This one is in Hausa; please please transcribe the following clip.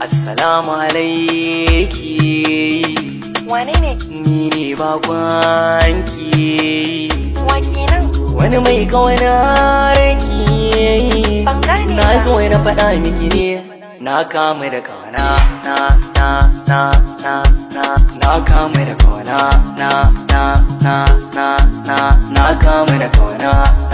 Assalamu alaiki. Wane ne? Ni ne Wani mai kawanarki. Ban Na zo na faɗa miki ne. Na kama da kawana. Na, na, na, na, na. Na kama da kawana. Na, na, na, na, na. Na kama da kawana.